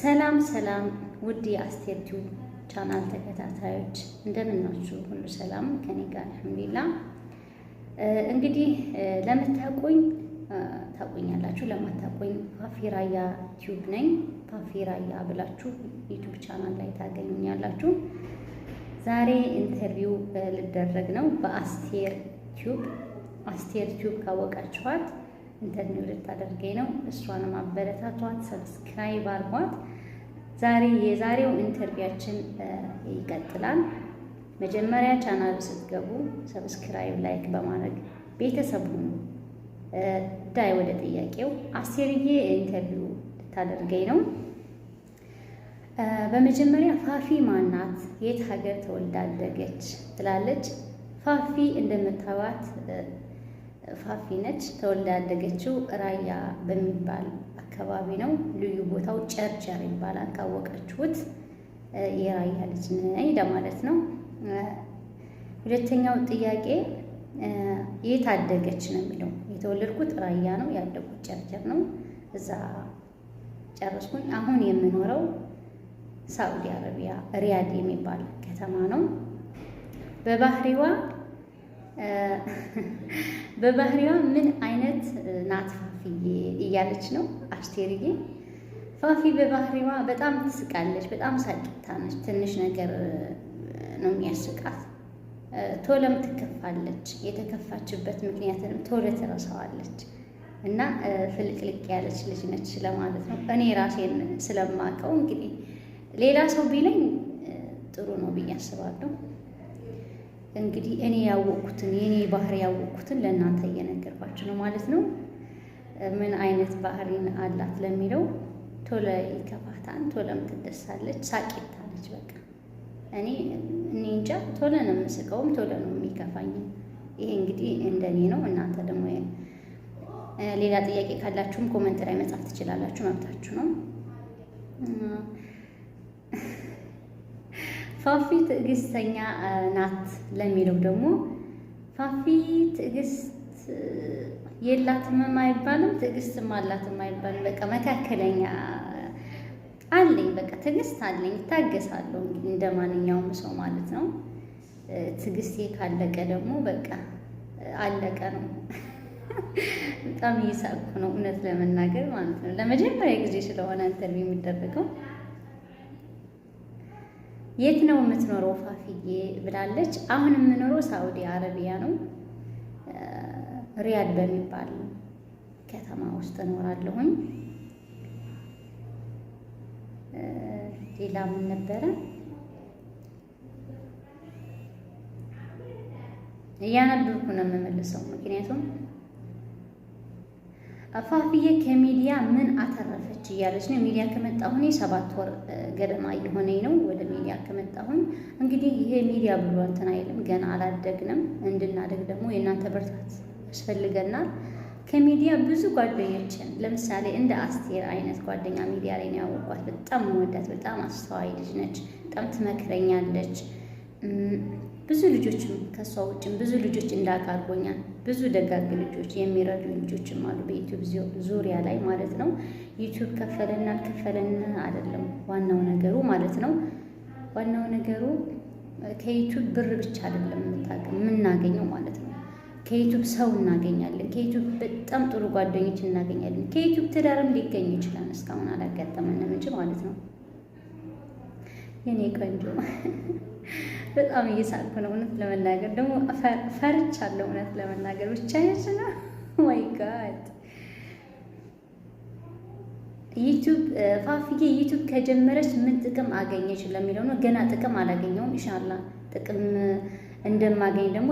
ሰላም ሰላም ውድ የአስቴር ቲዩብ ቻናል ተከታታዮች እንደምናችሁ፣ ሁሉ ሰላም ከኔ ጋር አልሐምዱሊላ። እንግዲህ ለምታቆኝ ታቆኛላችሁ፣ ለማታቆኝ ፋፊራያ ቲዩብ ነኝ። ፋፊራያ ብላችሁ ዩቱብ ቻናል ላይ ታገኙኛላችሁ። ዛሬ ኢንተርቪው ልደረግ ነው በአስቴር ቲዩብ። አስቴር ቲዩብ ካወቃችኋት ኢንተርቪው ልታደርገኝ ነው። እሷንም አበረታቷት፣ ሰብስክራይብ አርጓት። ዛሬ የዛሬው ኢንተርቪያችን ይቀጥላል። መጀመሪያ ቻናሉ ስትገቡ ሰብስክራይብ፣ ላይክ በማድረግ ቤተሰብ ሁኑ። ዳይ ወደ ጥያቄው አስቴርዬ ኢንተርቪው ልታደርገኝ ነው። በመጀመሪያ ፋፊ ማናት? የት ሀገር ተወልዳ አደገች? ትላለች ፋፊ እንደምታዩት ፋፊ ነች። ተወልዳ ያደገችው ራያ በሚባል አካባቢ ነው። ልዩ ቦታው ጨርጨር ይባላል። ካወቃችሁት የራያ ልጅ ነኝ ለማለት ነው። ሁለተኛው ጥያቄ የት አደገች ነው የሚለው። የተወለድኩት ራያ ነው፣ ያደጉት ጨርጨር ነው። እዛ ጨረስኩኝ። አሁን የምኖረው ሳዑዲ አረቢያ ሪያድ የሚባል ከተማ ነው። በባህሪዋ በባህሪዋ ምን አይነት ናት ፋፊዬ እያለች ነው አስቴርዬ። ፋፊ በባህሪዋ በጣም ትስቃለች፣ በጣም ሳቂታ ነች። ትንሽ ነገር ነው የሚያስቃት። ቶሎም ትከፋለች። የተከፋችበት ምክንያትንም ቶሎ ትረሳዋለች እና ፍልቅልቅ ያለች ልጅ ነች ስለማለት ነው። እኔ ራሴን ስለማውቀው እንግዲህ ሌላ ሰው ቢለኝ ጥሩ ነው ብዬ አስባለሁ። እንግዲህ እኔ ያወቅኩትን የኔ ባህሪ ያወቅኩትን ለእናንተ እየነገርኳችሁ ነው ማለት ነው። ምን አይነት ባህሪን አላት ለሚለው ቶሎ ይከፋታል፣ ቶሎም ትደሳለች፣ ሳቂታ ነች። በቃ እኔ እኔ እንጃ ቶሎ ነው የምስቀውም ቶሎ ነው የሚከፋኝ። ይሄ እንግዲህ እንደኔ ነው። እናንተ ደግሞ ሌላ ጥያቄ ካላችሁም ኮመንት ላይ መጻፍ ትችላላችሁ፣ መብታችሁ ነው። ፋፊ ትዕግስተኛ ናት ለሚለው ደግሞ ፋፊ ትዕግስት የላትም አይባልም፣ ትዕግስትም አላትም አይባልም። በቃ መካከለኛ አለኝ፣ በቃ ትዕግስት አለኝ፣ እታገሳለሁ እንደ ማንኛውም ሰው ማለት ነው። ትዕግስቴ ካለቀ ደግሞ በቃ አለቀ ነው። በጣም እየሳቅኩ ነው እውነት ለመናገር ማለት ነው። ለመጀመሪያ ጊዜ ስለሆነ ኢንተርቪው የሚደረገው የት ነው የምትኖረው ፋፍዬ ብላለች። አሁን የምኖረው ሳዑዲ አረቢያ ነው፣ ሪያድ በሚባል ከተማ ውስጥ እኖራለሁኝ። ሌላ ምን ነበረ? እያነበብኩ ነው የምመልሰው ምክንያቱም ፋፍዬ ከሚዲያ ምን አተረፈች እያለች ነው። ሚዲያ ከመጣሁን የሰባት ወር ገደማ እየሆነኝ ነው። ወደ ሚዲያ ከመጣሁን እንግዲህ ይሄ ሚዲያ ብሎ እንትን አይልም። ገና አላደግንም። እንድናደግ ደግሞ የእናንተ ብርታት ያስፈልገናል። ከሚዲያ ብዙ ጓደኞችን ለምሳሌ እንደ አስቴር አይነት ጓደኛ ሚዲያ ላይ ነው ያወቋት። በጣም መወዳት፣ በጣም አስተዋይ ልጅ ነች። በጣም ትመክረኛለች። ብዙ ልጆችም ከእሷ ውጭም ብዙ ልጆች እንዳውቅ ብዙ ደጋግ ልጆች የሚረዱ ልጆችም አሉ በዩቱብ ዙሪያ ላይ ማለት ነው። ዩቱብ ከፈለን አልከፈለን አይደለም ዋናው ነገሩ ማለት ነው። ዋናው ነገሩ ከዩቱብ ብር ብቻ አይደለም የምናገኘው ማለት ነው። ከዩቱብ ሰው እናገኛለን። ከዩቱብ በጣም ጥሩ ጓደኞች እናገኛለን። ከዩቱብ ትዳርም ሊገኝ ይችላል። እስካሁን አላጋጠመንም እንጂ ማለት ነው የኔ ቆንጆ በጣም እየሳቅኩ ነው። እውነት ለመናገር ደግሞ ፈርቻለሁ። እውነት ለመናገር ብቻዬን ስለ ማይ ጋድ ዩቱብ ፋፍዬ ዩቱብ ከጀመረች ምን ጥቅም አገኘች ለሚለው ነው። ገና ጥቅም አላገኘውም። ኢንሻላ ጥቅም እንደማገኝ ደግሞ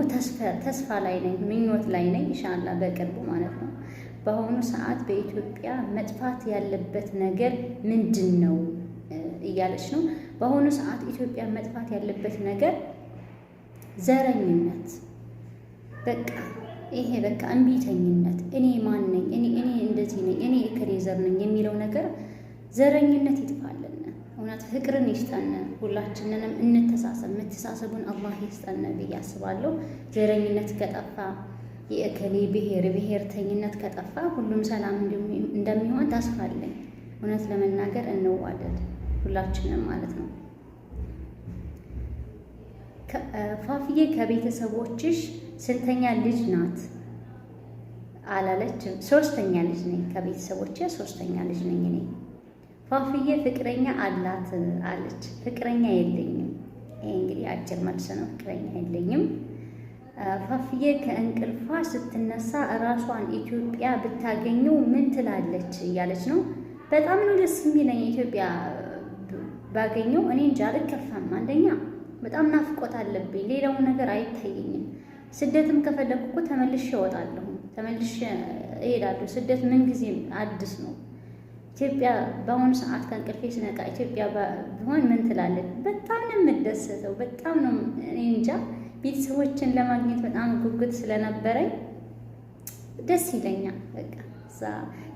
ተስፋ ላይ ነኝ፣ ምኞት ላይ ነኝ። ኢንሻላ በቅርቡ ማለት ነው። በአሁኑ ሰዓት በኢትዮጵያ መጥፋት ያለበት ነገር ምንድን ነው? እያለች ነው። በአሁኑ ሰዓት ኢትዮጵያ መጥፋት ያለበት ነገር ዘረኝነት፣ በቃ ይሄ በቃ እምቢተኝነት፣ እኔ ማን ነኝ፣ እኔ እንደዚህ ነኝ፣ እኔ እከሌዘር ነኝ የሚለው ነገር ዘረኝነት ይጥፋልን። እውነት ፍቅርን ይስጠን። ሁላችንንም እንተሳሰብ። መተሳሰቡን አላህ ይስጠን ብዬ አስባለሁ። ዘረኝነት ከጠፋ የእከሌ ብሔር ብሔርተኝነት ከጠፋ ሁሉም ሰላም እንደሚሆን ተስፋ አለኝ። እውነት ለመናገር እንዋደድ። ሁላችንም ማለት ነው። ፋፍዬ ከቤተሰቦችሽ ስንተኛ ልጅ ናት አላለችም። ሶስተኛ ልጅ ነኝ፣ ከቤተሰቦቼ ሶስተኛ ልጅ ነኝ እኔ። ፋፍዬ ፍቅረኛ አላት አለች። ፍቅረኛ የለኝም። ይሄ እንግዲህ አጭር መልስ ነው። ፍቅረኛ የለኝም። ፋፍዬ ከእንቅልፏ ስትነሳ እራሷን ኢትዮጵያ ብታገኘው ምን ትላለች እያለች ነው። በጣም ነው ደስ የሚለኝ ኢትዮጵያ ባገኘው እኔ እንጃ አልከፋም። አንደኛ በጣም ናፍቆት አለብኝ፣ ሌላው ነገር አይታየኝም። ስደትም ከፈለኩ እኮ ተመልሼ እወጣለሁ፣ ተመልሼ እሄዳለሁ። ስደት ምንጊዜም አዲስ ነው። ኢትዮጵያ በአሁኑ ሰዓት ከእንቅልፌ ስነቃ ኢትዮጵያ ቢሆን ምን ትላለች? በጣም ነው የምደሰተው። በጣም ነው እኔ እንጃ ቤተሰቦችን ለማግኘት በጣም ጉጉት ስለነበረኝ ደስ ይለኛል በቃ እዛ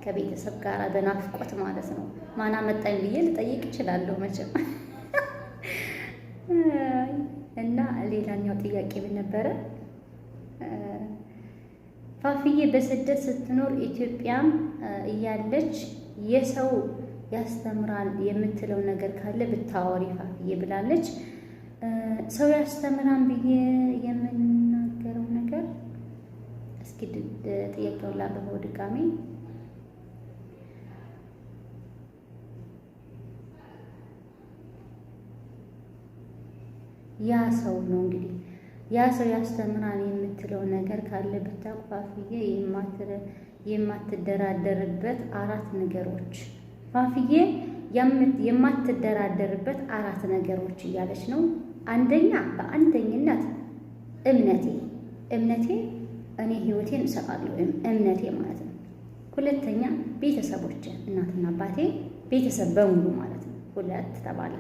ከቤተሰብ ጋር በናፍቆት ማለት ነው። ማን አመጣኝ ብዬ ልጠይቅ እችላለሁ መቼም። እና ሌላኛው ጥያቄ ምን ነበረ? ፋፍዬ በስደት ስትኖር ኢትዮጵያም እያለች የሰው ያስተምራል የምትለው ነገር ካለ ብታወሪ ፋፍዬ ብላለች። ሰው ያስተምራል ብዬ የተወላበበው ድጋሜ ያ ሰው ነው እንግዲህ ያ ሰው ያስተምራል የምትለው ነገር ካለ ብታቋፍዬ የማትደራደርበት አራት ነገሮች ፋፍዬ የማትደራደርበት አራት ነገሮች እያለች ነው። አንደኛ በአንደኝነት እምነቴ እምነቴ እኔ ህይወቴን እሰጣለሁ ወይም እምነቴ ማለት ነው። ሁለተኛ ቤተሰቦች፣ እናትና አባቴ፣ ቤተሰብ በሙሉ ማለት ነው። ሁለት ተባለ።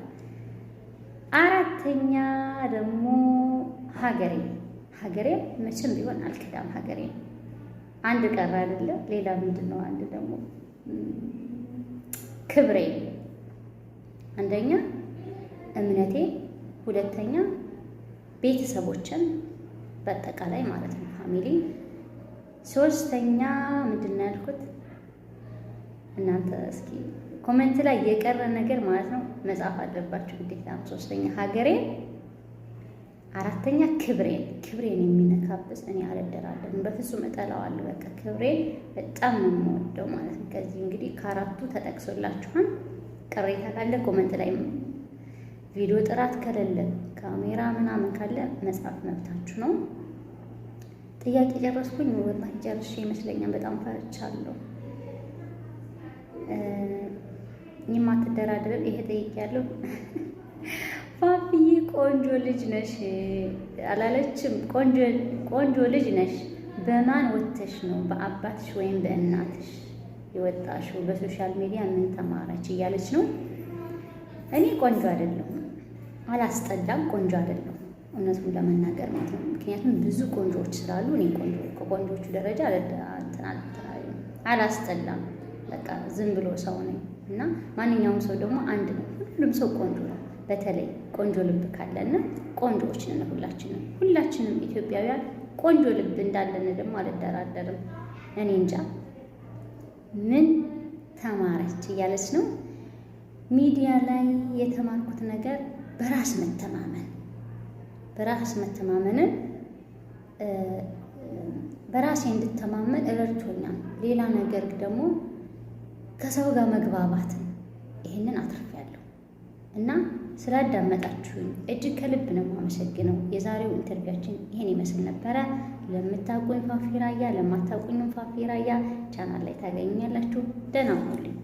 አራተኛ ደግሞ ሀገሬ። ሀገሬ መቼም ቢሆን አልክዳም። ሀገሬ አንድ ቀረ አይደለ? ሌላ ምንድን ነው? አንድ ደግሞ ክብሬ። አንደኛ እምነቴ፣ ሁለተኛ ቤተሰቦችን በአጠቃላይ ማለት ነው። ፋሚሊ ሶስተኛ ምንድን ነው ያልኩት? እናንተ እስኪ ኮመንት ላይ የቀረ ነገር ማለት ነው መጻፍ አለባችሁ ግዴታ። ሶስተኛ ሀገሬን፣ አራተኛ ክብሬን። ክብሬን የሚነካብስ እኔ አልደራለሁ፣ በፍጹም እጠላዋለሁ። በቃ ክብሬን በጣም ነው የምወደው ማለት ነው። ከዚህ እንግዲህ ከአራቱ ተጠቅሶላችኋል። ቅሬታ ካለ ኮመንት ላይ ቪዲዮ ጥራት ከሌለ ካሜራ ምናምን ካለ መጻፍ መብታችሁ ነው። ጥያቄ ጨረስኩኝ። ወላሂ ጨርሼ ይመስለኛል። በጣም ፈርቻለሁ። የማትደራደር ይሄ ጠይቅ ያለው ፋፍዬ ቆንጆ ልጅ ነሽ አላለችም? ቆንጆ ልጅ ነሽ። በማን ወተሽ ነው? በአባትሽ ወይም በእናትሽ የወጣሽው? በሶሻል ሚዲያ ምን ተማራች እያለች ነው። እኔ ቆንጆ አይደለሁም፣ አላስጠላም። ቆንጆ አይደለሁም እውነቱን ለመናገር ማለት ነው። ምክንያቱም ብዙ ቆንጆዎች ስላሉ እኔ ቆንጆ ከቆንጆቹ ደረጃ አላስጠላም። በቃ ዝም ብሎ ሰው ነኝ እና ማንኛውም ሰው ደግሞ አንድ ነው። ሁሉም ሰው ቆንጆ ነው። በተለይ ቆንጆ ልብ ካለና ቆንጆዎች ነን ሁላችንም። ሁላችንም ኢትዮጵያውያን ቆንጆ ልብ እንዳለን ደግሞ አልደራደርም። እኔ እንጃ ምን ተማረች እያለች ነው ሚዲያ ላይ የተማርኩት ነገር በራስ መተማመን በራስ መተማመንን በራሴ እንድተማመን እረድቶኛል። ሌላ ነገር ደግሞ ከሰው ጋር መግባባትን ይህንን አትርፌያለሁ እና ስላዳመጣችሁኝ እጅግ ከልብ ነው የማመሰግነው። የዛሬው ኢንተርቪያችን ይህን ይመስል ነበረ። ለምታውቁኝ ፋፊራያ፣ ለማታውቁኝም ፋፊራያ ቻናል ላይ ታገኛላችሁ። ደህና ሁኑልኝ።